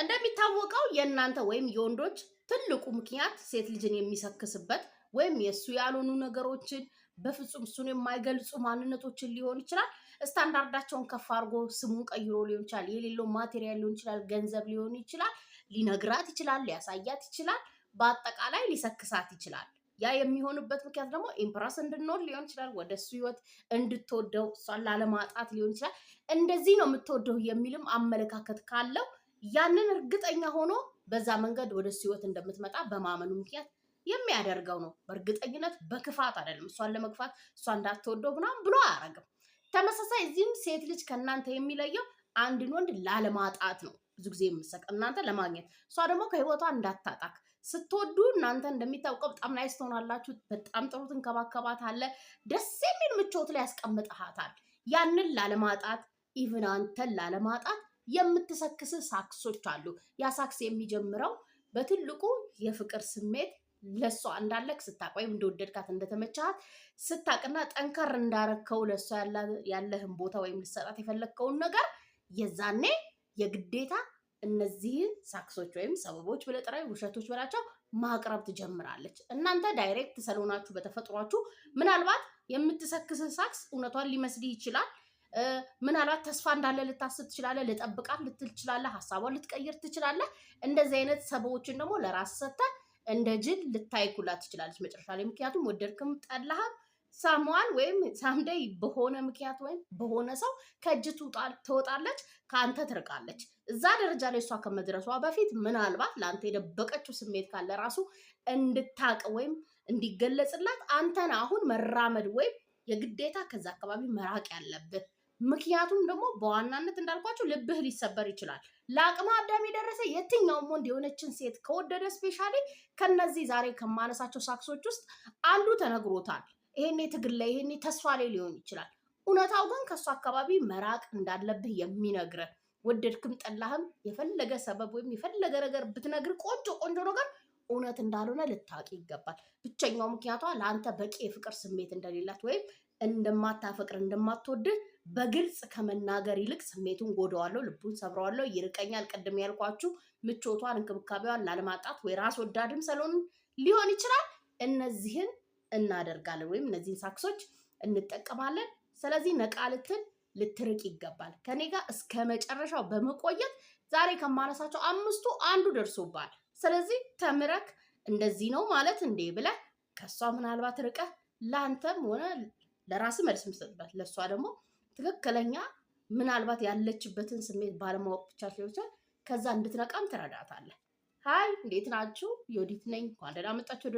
እንደሚታወቀው የእናንተ ወይም የወንዶች ትልቁ ምክንያት ሴት ልጅን የሚሰክስበት ወይም የእሱ ያልሆኑ ነገሮችን በፍጹም እሱን የማይገልጹ ማንነቶችን ሊሆን ይችላል። ስታንዳርዳቸውን ከፍ አድርጎ ስሙን ቀይሮ ሊሆን ይችላል። የሌለው ማቴሪያል ሊሆን ይችላል። ገንዘብ ሊሆን ይችላል። ሊነግራት ይችላል። ሊያሳያት ይችላል። በአጠቃላይ ሊሰክሳት ይችላል። ያ የሚሆንበት ምክንያት ደግሞ ኢምፕረስ እንድንሆን ሊሆን ይችላል። ወደ እሱ ህይወት እንድትወደው እሷን ላለማጣት ሊሆን ይችላል። እንደዚህ ነው የምትወደው የሚልም አመለካከት ካለው ያንን እርግጠኛ ሆኖ በዛ መንገድ ወደ እሱ ህይወት እንደምትመጣ በማመኑ ምክንያት የሚያደርገው ነው። በእርግጠኝነት በክፋት አይደለም። እሷን ለመግፋት እሷ እንዳትወደው ምናምን ብሎ አያረግም። ተመሳሳይ እዚህም ሴት ልጅ ከእናንተ የሚለየው አንድን ወንድ ላለማጣት ነው። ብዙ ጊዜ የምሰቅ እናንተ ለማግኘት እሷ ደግሞ ከህይወቷ እንዳታጣክ ስትወዱ እናንተ እንደሚታወቀው በጣም ናይስ ትሆናላችሁ። በጣም ጥሩ ትንከባከባታለህ። ደስ የሚል ምቾት ላይ ያስቀምጥሃታል። ያንን ላለማጣት ኢቭን አንተን ላለማጣት የምትሰክስ ሳክሶች አሉ። ያ ሳክስ የሚጀምረው በትልቁ የፍቅር ስሜት ለሷ እንዳለክ ስታቅ ወይም እንደወደድካት እንደተመቻት ስታቅና ጠንከር እንዳረከው ለሷ ያለህን ቦታ ወይም ልሰጣት የፈለግከውን ነገር የዛኔ የግዴታ እነዚህን ሳክሶች ወይም ሰበቦች ብለጥራዊ ውሸቶች በላቸው ማቅረብ ትጀምራለች። እናንተ ዳይሬክት ስለሆናችሁ በተፈጥሯችሁ ምናልባት የምትሰክስ ሳክስ እውነቷን ሊመስልህ ይችላል። ምናልባት ተስፋ እንዳለ ልታስብ ትችላለህ። ልጠብቃት ልትል ትችላለህ። ሀሳቧን ልትቀይር ትችላለህ። እንደዚህ አይነት ሰበቦችን ደግሞ ለራስ ሰጥተህ እንደ ጅል ልታይኩላ ትችላለች መጨረሻ ላይ ምክንያቱም ወደድክም ጠላህም ሳሟን ወይም ሳምደይ በሆነ ምክንያት ወይም በሆነ ሰው ከእጅ ትወጣለች፣ ከአንተ ትርቃለች። እዛ ደረጃ ላይ እሷ ከመድረሷ በፊት ምናልባት ለአንተ የደበቀችው ስሜት ካለ ራሱ እንድታቅ ወይም እንዲገለጽላት አንተን አሁን መራመድ ወይም የግዴታ ከዛ አካባቢ መራቅ ያለብህ ምክንያቱም ደግሞ በዋናነት እንዳልኳቸው ልብህ ሊሰበር ይችላል። ለአቅመ አዳም የደረሰ የትኛውም ወንድ የሆነችን ሴት ከወደደ ስፔሻሊ ከነዚህ ዛሬ ከማነሳቸው ሳክሶች ውስጥ አንዱ ተነግሮታል። ይሄኔ ትግል ላይ ይሄኔ ተስፋ ላይ ሊሆን ይችላል። እውነታው ግን ከእሱ አካባቢ መራቅ እንዳለብህ የሚነግረ ወደድክም ጠላህም የፈለገ ሰበብ ወይም የፈለገ ነገር ብትነግር ቆንጆ ቆንጆ ነገር እውነት እንዳልሆነ ልታውቅ ይገባል። ብቸኛው ምክንያቷ ለአንተ በቂ የፍቅር ስሜት እንደሌላት ወይም እንደማታፈቅር እንደማትወድህ በግልጽ ከመናገር ይልቅ ስሜቱን ጎደዋለሁ፣ ልቡን ሰብረዋለሁ፣ ይርቀኛል። ቅድም ያልኳችሁ ምቾቷን፣ እንክብካቤዋን ላለማጣት ወይ ራስ ወዳድም ሰሎን ሊሆን ይችላል። እነዚህን እናደርጋለን ወይም እነዚህን ሳክሶች እንጠቀማለን። ስለዚህ ነቃልትን ልትርቅ ይገባል። ከኔ ጋር እስከ መጨረሻው በመቆየት ዛሬ ከማነሳቸው አምስቱ አንዱ ደርሶባል። ስለዚህ ተምረክ እንደዚህ ነው ማለት እንዴ ብለህ ከእሷ ምናልባት ርቀህ ለአንተም ሆነ ለራስ መልስ ምሰጥበት ለእሷ ደግሞ ትክክለኛ ምናልባት ያለችበትን ስሜት ባለማወቅ ብቻ ሊሆን ይችላል። ከዛ እንድትነቃም ትረዳታለህ። ሀይ እንዴት ናችሁ? ዮዲት ነኝ። እንኳን ደህና መጣችሁ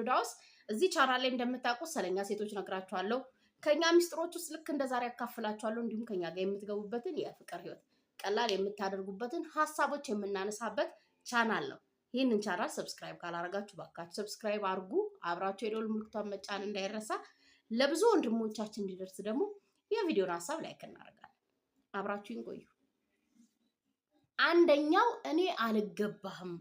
እዚህ ቻናል ላይ እንደምታውቁት ስለኛ ሴቶች ነግራችኋለሁ። ከኛ ሚስጥሮች ውስጥ ልክ እንደ ዛሬ ያካፍላችኋለሁ። እንዲሁም ከኛ ጋር የምትገቡበትን የፍቅር ህይወት ቀላል የምታደርጉበትን ሀሳቦች የምናነሳበት ቻናል ነው። ይህንን ቻናል ሰብስክራይብ ካላረጋችሁ ባካችሁ ሰብስክራይብ አድርጉ። አብራችሁ የደወል ምልክቷን መጫን እንዳይረሳ። ለብዙ ወንድሞቻችን እንዲደርስ ደግሞ የቪዲዮን ሀሳብ ላይክ እናደርጋለን። አብራችሁን ቆዩ። አንደኛው እኔ አልገባህም፣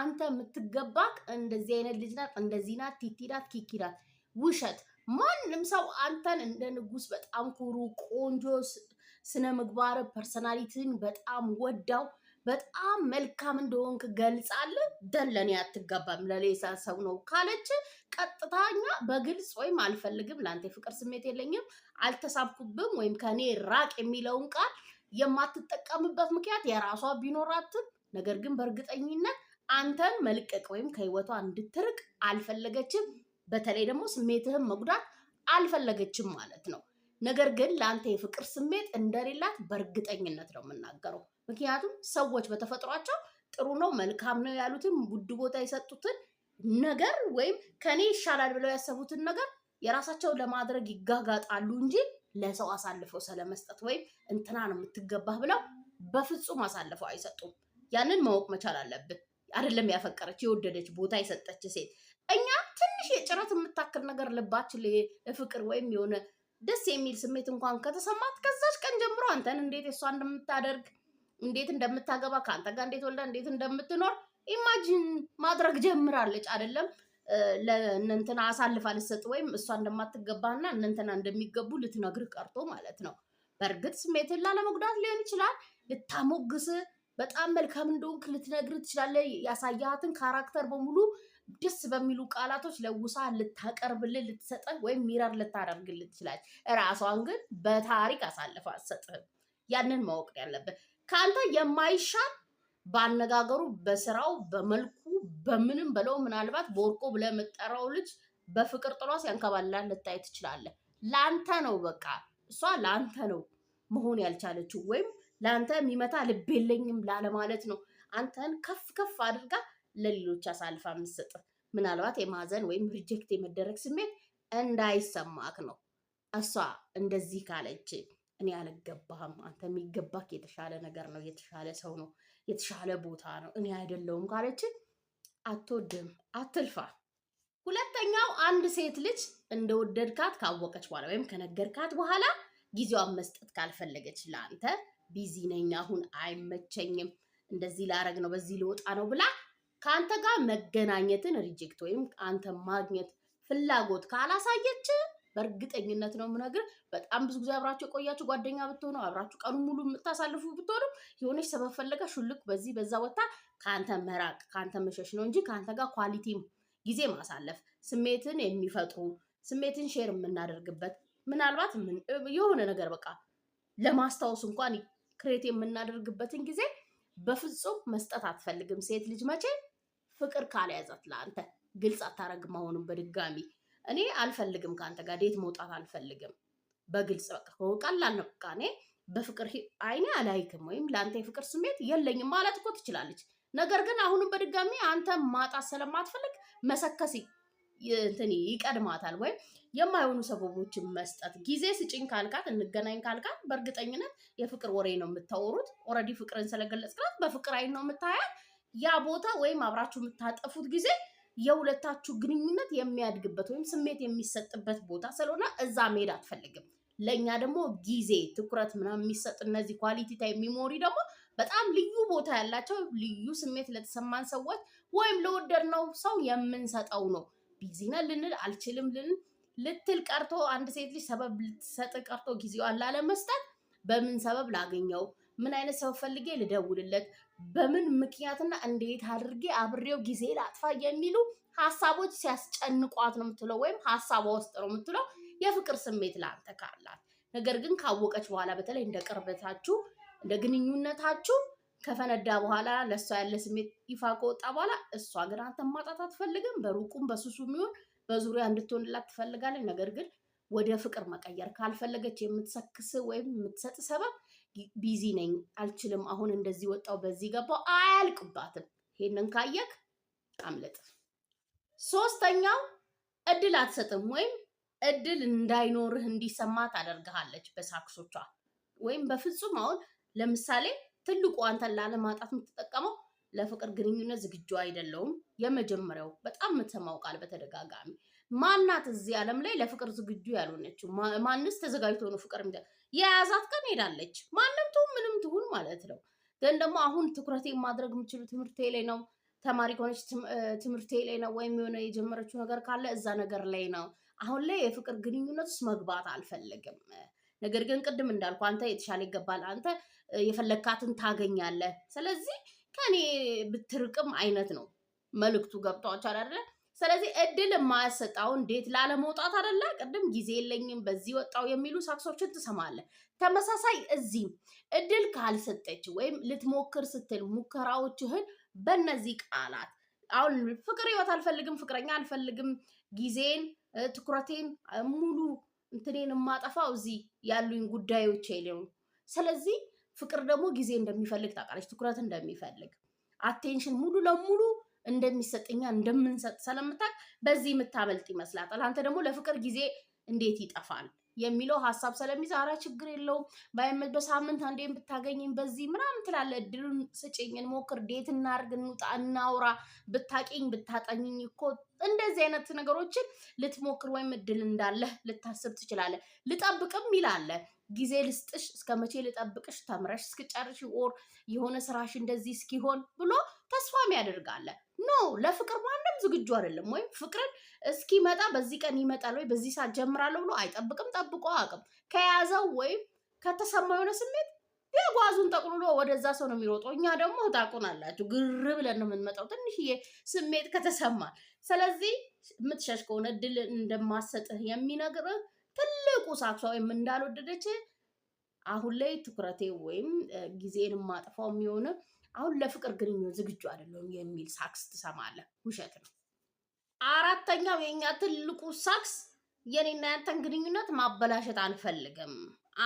አንተ የምትገባክ እንደዚህ አይነት ልጅ ናት፣ እንደዚህ ናት፣ ቲቲዳት፣ ኪኪዳት። ውሸት። ማንም ሰው አንተን እንደ ንጉስ በጣም ኩሩ፣ ቆንጆ፣ ስነ ምግባር፣ ፐርሰናሊቲን በጣም ወዳው በጣም መልካም እንደሆንክ ገልጻለ ደለን ለእኔ አትገባም ሰው ነው ካለች ቀጥታኛ በግልጽ ወይም አልፈልግም፣ ለአንተ የፍቅር ስሜት የለኝም፣ አልተሳብኩብም ወይም ከኔ ራቅ የሚለውን ቃል የማትጠቀምበት ምክንያት የራሷ ቢኖራትም ነገር ግን በእርግጠኝነት አንተን መልቀቅ ወይም ከህይወቷ እንድትርቅ አልፈለገችም። በተለይ ደግሞ ስሜትህን መጉዳት አልፈለገችም ማለት ነው። ነገር ግን ለአንተ የፍቅር ስሜት እንደሌላት በእርግጠኝነት ነው የምናገረው። ምክንያቱም ሰዎች በተፈጥሯቸው ጥሩ ነው መልካም ነው ያሉትን ውድ ቦታ የሰጡትን ነገር ወይም ከኔ ይሻላል ብለው ያሰቡትን ነገር የራሳቸው ለማድረግ ይጋጋጣሉ እንጂ ለሰው አሳልፈው ስለመስጠት ወይም እንትና ነው የምትገባህ ብለው በፍጹም አሳልፈው አይሰጡም። ያንን ማወቅ መቻል አለብን። አይደለም ያፈቀረች የወደደች ቦታ የሰጠች ሴት እኛ ትንሽ የጭረት የምታክል ነገር ልባችን ፍቅር ወይም የሆነ ደስ የሚል ስሜት እንኳን ከተሰማት ከዛች ቀን ጀምሮ አንተን እንዴት እሷ እንደምታደርግ እንዴት እንደምታገባ ከአንተ ጋር እንዴት ወልዳ እንዴት እንደምትኖር ኢማጂን ማድረግ ጀምራለች። አይደለም ለእነንትን አሳልፋ ልሰጥ ወይም እሷ እንደማትገባና እነንትና እንደሚገቡ ልትነግር ቀርቶ ማለት ነው። በእርግጥ ስሜትን ላለመጉዳት ሊሆን ይችላል። ልታሞግስ በጣም መልካም እንደሆንክ ልትነግር ትችላለህ። ያሳያትን ካራክተር በሙሉ ደስ በሚሉ ቃላቶች ለውሳ ልታቀርብልን ልትሰጠን ወይም ሚረር ልታደርግልን ትችላል። እራሷን ግን በታሪክ አሳልፈ አትሰጥህም። ያንን ማወቅ ያለብን ከአንተ የማይሻል በአነጋገሩ፣ በስራው፣ በመልኩ፣ በምንም በለው ምናልባት በወርቆ ብለህ የምጠራው ልጅ በፍቅር ጥሏስ ያንከባልላል ልታይ ትችላለህ። ለአንተ ነው በቃ እሷ ለአንተ ነው መሆን ያልቻለችው ወይም ለአንተ የሚመታ ልብ የለኝም ላለማለት ነው አንተን ከፍ ከፍ አድርጋ ለሌሎች አሳልፋ የምትሰጥ ምናልባት የማዘን ወይም ሪጀክት የመደረግ ስሜት እንዳይሰማክ ነው። እሷ እንደዚህ ካለች እኔ አልገባህም፣ አንተ የሚገባክ የተሻለ ነገር ነው፣ የተሻለ ሰው ነው፣ የተሻለ ቦታ ነው፣ እኔ አይደለውም ካለች አትወድም፣ አትልፋ። ሁለተኛው አንድ ሴት ልጅ እንደወደድካት ካወቀች በኋላ ወይም ከነገርካት በኋላ ጊዜዋን መስጠት ካልፈለገች ለአንተ ቢዚ ነኝ፣ አሁን አይመቸኝም፣ እንደዚህ ላረግ ነው፣ በዚህ ልወጣ ነው ብላ ከአንተ ጋር መገናኘትን ሪጀክት ወይም አንተ ማግኘት ፍላጎት ካላሳየች በእርግጠኝነት ነው የምነግርህ። በጣም ብዙ ጊዜ አብራችሁ የቆያችሁ ጓደኛ ብትሆኑ አብራችሁ ቀኑ ሙሉ የምታሳልፉ ብትሆኑ የሆነች ሰበብ ፈለጋ ሹልክ በዚህ በዛ ወታ ከአንተ መራቅ ከአንተ መሸሽ ነው እንጂ ከአንተ ጋር ኳሊቲ ጊዜ ማሳለፍ ስሜትን የሚፈጥሩ ስሜትን ሼር የምናደርግበት ምናልባት የሆነ ነገር በቃ ለማስታወስ እንኳን ክሬት የምናደርግበትን ጊዜ በፍጹም መስጠት አትፈልግም ሴት ልጅ መቼ ፍቅር ካልያዛት ለአንተ ግልጽ አታረግ መሆኑን በድጋሚ እኔ አልፈልግም ከአንተ ጋር ዴት መውጣት አልፈልግም። በግልጽ በቃ ቀላል ነው። በቃ እኔ በፍቅር አይኔ አላይክም ወይም ለአንተ የፍቅር ስሜት የለኝም ማለት እኮ ትችላለች። ነገር ግን አሁንም በድጋሚ አንተ ማጣት ስለማትፈልግ መሰከሲ እንትን ይቀድማታል። ወይም የማይሆኑ ሰበቦችን መስጠት ጊዜ ስጭኝ ካልካት፣ እንገናኝ ካልካት በእርግጠኝነት የፍቅር ወሬ ነው የምታወሩት። ኦልሬዲ ፍቅርን ስለገለጽክላት በፍቅር አይን ነው የምታያት። ያ ቦታ ወይም አብራችሁ የምታጠፉት ጊዜ የሁለታችሁ ግንኙነት የሚያድግበት ወይም ስሜት የሚሰጥበት ቦታ ስለሆነ እዛ መሄድ አትፈልግም። ለእኛ ደግሞ ጊዜ፣ ትኩረት ምናምን የሚሰጥ እነዚህ ኳሊቲ ታይም ሚሞሪ ደግሞ በጣም ልዩ ቦታ ያላቸው ልዩ ስሜት ለተሰማን ሰዎች ወይም ለወደድነው ሰው የምንሰጠው ነው። ቢዚ ነን ልንል አልችልም ልንል ልትል ቀርቶ አንድ ሴት ልጅ ሰበብ ልትሰጥ ቀርቶ ጊዜዋን ላለመስጠት በምን ሰበብ ላገኘው ምን አይነት ሰው ፈልጌ ልደውልለት፣ በምን ምክንያትና እንዴት አድርጌ አብሬው ጊዜ ላጥፋ የሚሉ ሀሳቦች ሲያስጨንቋት ነው የምትለው፣ ወይም ሀሳቧ ውስጥ ነው የምትለው የፍቅር ስሜት ለአንተ ካላት። ነገር ግን ካወቀች በኋላ በተለይ እንደ ቅርበታችሁ እንደ ግንኙነታችሁ ከፈነዳ በኋላ ለእሷ ያለ ስሜት ይፋ ከወጣ በኋላ እሷ ግን አንተ ማጣት አትፈልግም። በሩቁም በሱሱ የሚሆን በዙሪያ እንድትሆንላት ትፈልጋለች። ነገር ግን ወደ ፍቅር መቀየር ካልፈለገች የምትሰክስ ወይም የምትሰጥ ሰበብ ቢዚ ነኝ አልችልም፣ አሁን እንደዚህ ወጣው በዚህ ገባው አያልቅባትም። ይሄንን ካየክ አምለጥ። ሶስተኛው እድል አትሰጥም ወይም እድል እንዳይኖርህ እንዲሰማ ታደርግሃለች በሳክሶቿ ወይም በፍጹም አሁን ለምሳሌ ትልቁ አንተን ላለማጣት የምትጠቀመው ለፍቅር ግንኙነት ዝግጁ አይደለውም። የመጀመሪያው በጣም የምትሰማው ቃል በተደጋጋሚ ማናት? እዚህ ዓለም ላይ ለፍቅር ዝግጁ ያልሆነችው ማንስ ተዘጋጅቶ ነው ፍቅር የያዛት ቀን ሄዳለች። ማንም ትሁን ምንም ትሁን ማለት ነው። ግን ደግሞ አሁን ትኩረቴ ማድረግ የምችሉ ትምህርቴ ላይ ነው። ተማሪ ከሆነች ትምህርቴ ላይ ነው፣ ወይም የሆነ የጀመረችው ነገር ካለ እዛ ነገር ላይ ነው። አሁን ላይ የፍቅር ግንኙነት ውስጥ መግባት አልፈለግም። ነገር ግን ቅድም እንዳልኩ አንተ የተሻለ ይገባል፣ አንተ የፈለግካትን ታገኛለህ። ስለዚህ ከኔ ብትርቅም አይነት ነው መልእክቱ። ገብቷችኋል አይደለ? ስለዚህ እድል የማያሰጣው እንዴት ላለመውጣት አደለ? ቅድም ጊዜ የለኝም በዚህ ወጣው የሚሉ ሳክሶችን ትሰማለህ። ተመሳሳይ እዚህም እድል ካልሰጠች ወይም ልትሞክር ስትል ሙከራዎችህን በነዚህ ቃላት አሁን ፍቅር ህይወት አልፈልግም፣ ፍቅረኛ አልፈልግም፣ ጊዜን፣ ትኩረቴን፣ ሙሉ እንትኔን የማጠፋው እዚህ ያሉኝ ጉዳዮች የሌውን ስለዚህ ፍቅር ደግሞ ጊዜ እንደሚፈልግ ታውቃለች፣ ትኩረት እንደሚፈልግ አቴንሽን ሙሉ ለሙሉ እንደሚሰጥኛ እንደምንሰጥ ስለምታቅ በዚህ የምታመልጥ ይመስላታል። አንተ ደግሞ ለፍቅር ጊዜ እንዴት ይጠፋል የሚለው ሀሳብ ስለሚዛ አራ ችግር የለውም ባይመት በሳምንት አንዴም ብታገኘኝ በዚህ ምናምን ትላለ። እድሉን ስጭኝ፣ እንሞክር፣ ዴት እናርግ፣ እንውጣ፣ እናውራ፣ ብታቂኝ ብታጠኝኝ እኮ እንደዚህ አይነት ነገሮችን ልትሞክር ወይም እድል እንዳለህ ልታስብ ትችላለህ። ልጠብቅም ይላለ ጊዜ ልስጥሽ፣ እስከ መቼ ልጠብቅሽ፣ ተምረሽ እስክጨርሽ ወር የሆነ ስራሽ እንደዚህ እስኪሆን ብሎ ተስፋም ያደርጋለ። ኖ ለፍቅር ማንም ዝግጁ አይደለም። ወይም ፍቅርን እስኪመጣ በዚህ ቀን ይመጣል ወይ በዚህ ሰዓት ጀምራለሁ ብሎ አይጠብቅም። ጠብቆ አቅም ከያዘው ወይም ከተሰማ የሆነ ስሜት የጓዙን ጠቅልሎ ወደዛ ሰው ነው የሚሮጠው። እኛ ደግሞ ታቁን አላችሁ ግር ብለን ነው የምንመጣው ትንሽዬ ስሜት ከተሰማ። ስለዚህ የምትሸሽ ከሆነ ድል እንደማሰጥህ የሚነግርህ ትልቅ ቁሳቁሷ ወይም እንዳልወደደች አሁን ላይ ትኩረቴ ወይም ጊዜን ማጥፋው የሚሆነ አሁን ለፍቅር ግንኙነት ዝግጁ አይደለሁም የሚል ሳክስ ትሰማለህ። ውሸት ነው። አራተኛው የኛ ትልቁ ሳክስ የኔና ያንተን ግንኙነት ማበላሸት አንፈልግም።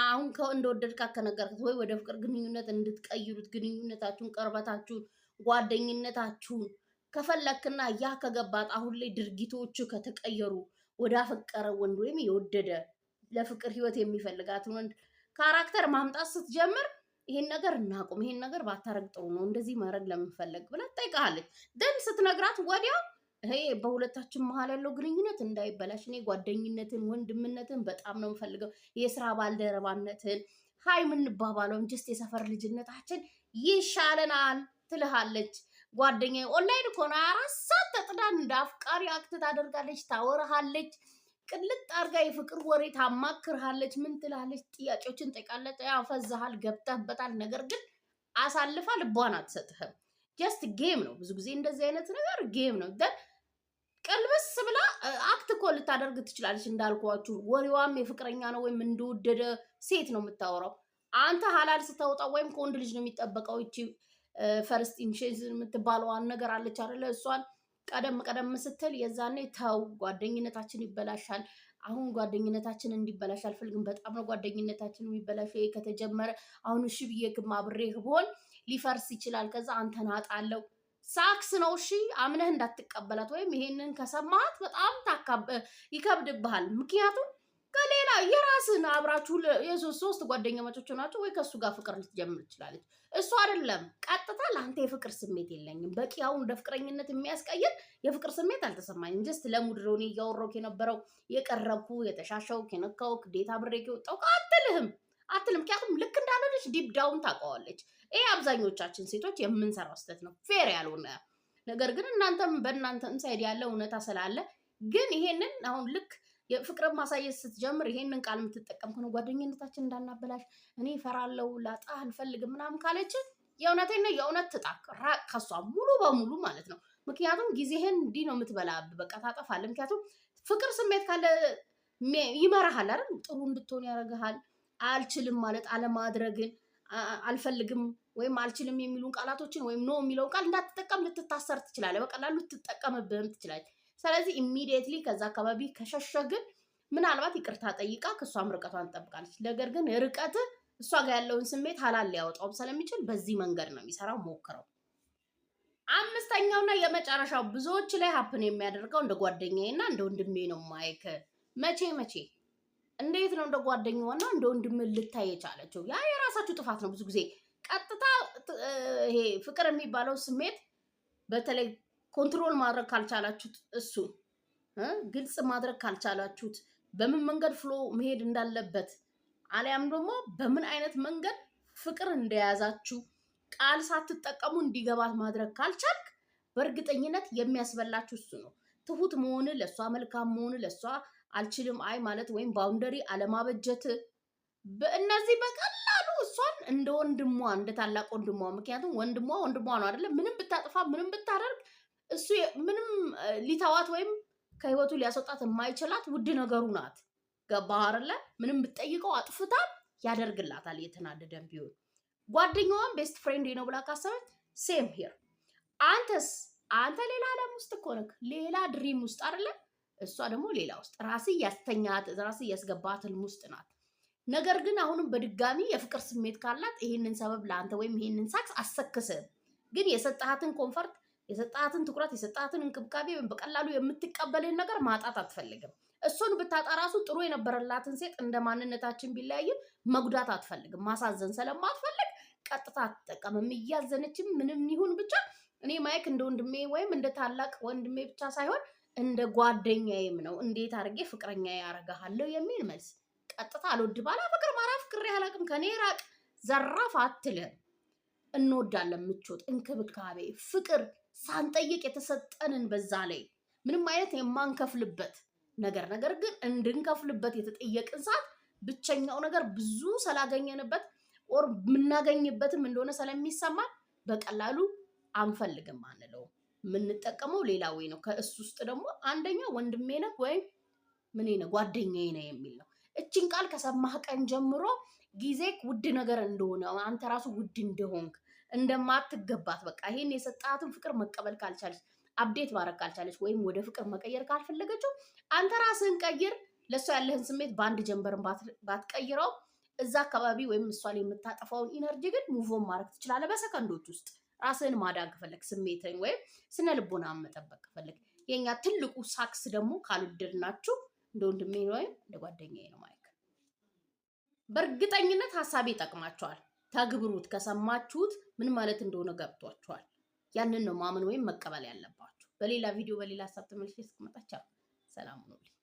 አሁን እንደወደድካ ከነገርክት ወይ ወደ ፍቅር ግንኙነት እንድትቀይሩት ግንኙነታችሁን፣ ቅርበታችሁን፣ ጓደኝነታችሁን ከፈለክና ያ ከገባት አሁን ላይ ድርጊቶቹ ከተቀየሩ ወደ አፈቀረ ወንድ ወይም የወደደ ለፍቅር ህይወት የሚፈልጋትን ወንድ ካራክተር ማምጣት ስትጀምር ይሄን ነገር እናቁም፣ ይሄን ነገር ባታረግ ጥሩ ነው፣ እንደዚህ ማድረግ ለምንፈለግ ብላ ትጠይቃለች። ደን ስትነግራት ወዲያው ይሄ በሁለታችን መሀል ያለው ግንኙነት እንዳይበላሽ እኔ ጓደኝነትን፣ ወንድምነትን በጣም ነው የምፈልገው፣ የስራ ባልደረባነትን፣ ሀይ የምንባባለውን ጀስት የሰፈር ልጅነታችን ይሻለናል ትልሃለች። ጓደኛ ኦንላይን እኮ አራት ሰዓት ተጥዳን እንደ አፍቃሪ አክት ታደርጋለች፣ ታወራሃለች ቅልጥ አርጋ የፍቅር ወሬ ታማክርሃለች። ምን ትላለች? ጥያቄዎችን ጠቃለጠ። ያፈዛሃል፣ ገብተህበታል። ነገር ግን አሳልፋ ልቧን አትሰጥህም። ጀስት ጌም ነው። ብዙ ጊዜ እንደዚህ አይነት ነገር ጌም ነው። ደን ቅልብስ ብላ አክት እኮ ልታደርግ ትችላለች። እንዳልኳችሁ ወሬዋም የፍቅረኛ ነው ወይም እንደወደደ ሴት ነው የምታወራው። አንተ ሀላል ስታወጣ ወይም ከወንድ ልጅ ነው የሚጠበቀው። ይቺ ፈርስት ኢምፕሬሽን የምትባለዋን ነገር አለች አይደለ? እሷን ቀደም ቀደም ስትል የዛኔ ተው ጓደኝነታችን ይበላሻል። አሁን ጓደኝነታችን እንዲበላሽ አልፈልግም። በጣም ነው ጓደኝነታችን የሚበላሽ ከተጀመረ። አሁን እሺ ብዬ ግማ አብሬህ ብሆን ሊፈርስ ይችላል። ከዛ አንተን አጣለው ሳክስ ነው እሺ፣ አምነህ እንዳትቀበላት ወይም ይሄንን ከሰማት በጣም ይከብድብሃል። ምክንያቱም ከሌላ የራስን አብራችሁ ሶስት ጓደኛ ናቸው ወይ ከእሱ ጋር ፍቅር ልትጀምር ትችላለች። እሱ አይደለም ቀጥታ ለአንተ የፍቅር ስሜት የለኝም በቂ አሁን ወደ ፍቅረኝነት የሚያስቀይር የፍቅር ስሜት አልተሰማኝም። ጀስት ለሙድረውን እያወራሁ የነበረው የቀረብኩ የተሻሻው የነካው ዴታ ብሬክ የወጣው አትልህም አትልም። ምክንያቱም ልክ እንዳለች ዲፕ ዳውን ታውቀዋለች። ይሄ አብዛኞቻችን ሴቶች የምንሰራው ስህተት ነው፣ ፌር ያልሆነ ነገር ግን እናንተም በእናንተ ኢንሳይድ ያለ እውነታ ስላለ ግን ይሄንን አሁን ልክ የፍቅርን ማሳየት ስትጀምር ይሄንን ቃል የምትጠቀም ከሆነ ጓደኝነታችን እንዳናበላሽ እኔ እፈራለሁ፣ ላጣ አልፈልግም ምናምን ካለች የእውነቴን ነው የእውነት ትጣቅ ራቅ ከሷ ሙሉ በሙሉ ማለት ነው። ምክንያቱም ጊዜህን እንዲህ ነው የምትበላ፣ በቃ ታጠፋለህ። ምክንያቱም ፍቅር ስሜት ካለ ይመራሃል አይደል? ጥሩ እንድትሆን ያደርግሃል። አልችልም ማለት አለማድረግን አልፈልግም ወይም አልችልም የሚሉን ቃላቶችን ወይም ኖ የሚለውን ቃል እንዳትጠቀም ልትታሰር ትችላለህ። በቀላሉ ልትጠቀምብህም ትችላለህ። ስለዚህ ኢሚዲየትሊ ከዛ አካባቢ ከሸሸግ ምናልባት ይቅርታ ጠይቃ ከእሷም ርቀቷን ትጠብቃለች። ነገር ግን ርቀት እሷ ጋር ያለውን ስሜት ሀላል ሊያወጣውም ስለሚችል በዚህ መንገድ ነው የሚሰራው። ሞክረው። አምስተኛውና የመጨረሻው ብዙዎች ላይ ሀፕን የሚያደርገው እንደ ጓደኛዬና እንደ ወንድሜ ነው ማይክ። መቼ መቼ እንዴት ነው እንደ ጓደኛዋና እንደ ወንድም ልታይ የቻለችው? ያ የራሳችሁ ጥፋት ነው። ብዙ ጊዜ ቀጥታ ይሄ ፍቅር የሚባለው ስሜት በተለይ ኮንትሮል ማድረግ ካልቻላችሁት እሱ ግልጽ ማድረግ ካልቻላችሁት በምን መንገድ ፍሎ መሄድ እንዳለበት አሊያም ደግሞ በምን አይነት መንገድ ፍቅር እንደያዛችሁ ቃል ሳትጠቀሙ እንዲገባት ማድረግ ካልቻልክ በእርግጠኝነት የሚያስበላችሁ እሱ ነው። ትሁት መሆን፣ ለእሷ መልካም መሆን፣ ለእሷ አልችልም አይ ማለት ወይም ባውንደሪ አለማበጀት፣ በእነዚህ በቀላሉ እሷን እንደ ወንድሟ እንደ ታላቅ ወንድሟ ምክንያቱም ወንድሟ ወንድሟ ነው አይደለም ምንም ብታጥፋ ምንም ብታደርግ እሱ ምንም ሊተዋት ወይም ከህይወቱ ሊያስወጣት የማይችላት ውድ ነገሩ ናት። ገባህ አይደለ? ምንም ብትጠይቀው አጥፍታ ያደርግላታል እየተናደደም ቢሆን። ጓደኛዋን ቤስት ፍሬንድ ነው ብላ ካሰበች ሴም ሄር። አንተስ አንተ ሌላ አለም ውስጥ እኮ ነህ፣ ሌላ ድሪም ውስጥ አይደለ? እሷ ደግሞ ሌላ ውስጥ ራስ ያስተኛት ራስ ያስገባት ህልም ውስጥ ናት። ነገር ግን አሁንም በድጋሚ የፍቅር ስሜት ካላት ይህንን ሰበብ ለአንተ ወይም ይህንን ሳክስ አሰክስህም፣ ግን የሰጠሃትን ኮንፈርት የሰጣትን ትኩረት የሰጣትን እንክብካቤ በቀላሉ የምትቀበልን ነገር ማጣት አትፈልግም። እሱን ብታጣ ራሱ ጥሩ የነበረላትን ሴት እንደ ማንነታችን ቢለያይም መጉዳት አትፈልግም። ማሳዘን ስለማትፈልግ ቀጥታ አትጠቀምም። እያዘነችም ምንም ይሁን ብቻ እኔ ማይክ እንደ ወንድሜ ወይም እንደ ታላቅ ወንድሜ ብቻ ሳይሆን እንደ ጓደኛዬም ነው። እንዴት አድርጌ ፍቅረኛ ያረጋሃለሁ የሚል መልስ ቀጥታ አልወድ ባላ ፍቅር ማራ ፍቅሬ አላቅም ከኔ ራቅ ዘራፍ አትልህም። እንወዳለን፣ ምቾት፣ እንክብካቤ፣ ፍቅር ሳንጠይቅ የተሰጠንን በዛ ላይ ምንም አይነት የማንከፍልበት ነገር ነገር ግን እንድንከፍልበት የተጠየቅን ሰዓት ብቸኛው ነገር ብዙ ስላገኘንበት ኦር የምናገኝበትም እንደሆነ ስለሚሰማን በቀላሉ አንፈልግም አንለው። የምንጠቀመው ሌላ ወይ ነው። ከእሱ ውስጥ ደግሞ አንደኛ ወንድሜ ነህ ወይም ምን ነህ ጓደኛዬ ነህ የሚል ነው። እችን ቃል ከሰማህ ቀን ጀምሮ ጊዜ ውድ ነገር እንደሆነ አንተ ራሱ ውድ እንደሆንክ እንደማትገባት በቃ ይሄን የሰጣትን ፍቅር መቀበል ካልቻለች፣ አብዴት ማድረግ ካልቻለች፣ ወይም ወደ ፍቅር መቀየር ካልፈለገችው አንተ ራስህን ቀይር። ለእሷ ያለህን ስሜት በአንድ ጀንበርን ባትቀይረው እዛ አካባቢ ወይም እሷ እሷን የምታጠፋውን ኢነርጂ ግን ሙቮን ማድረግ ትችላለህ በሰከንዶች ውስጥ። ራስህን ማዳን ከፈለግ፣ ስሜትን ወይም ስነ ልቦና መጠበቅ ከፈለግ፣ የኛ ትልቁ ሳክስ ደግሞ ካልወደድናችሁ እንደ ወንድሜ ወይም እንደ ጓደኛዬ ነው ማለት በእርግጠኝነት ሀሳቤ ይጠቅማቸዋል። ተግብሩት። ከሰማችሁት ምን ማለት እንደሆነ ገብቷችኋል። ያንን ነው ማመን ወይም መቀበል ያለባችሁ። በሌላ ቪዲዮ በሌላ ሀሳብ ተመልሼ እስክመጣ ሰላም ሁኑልኝ።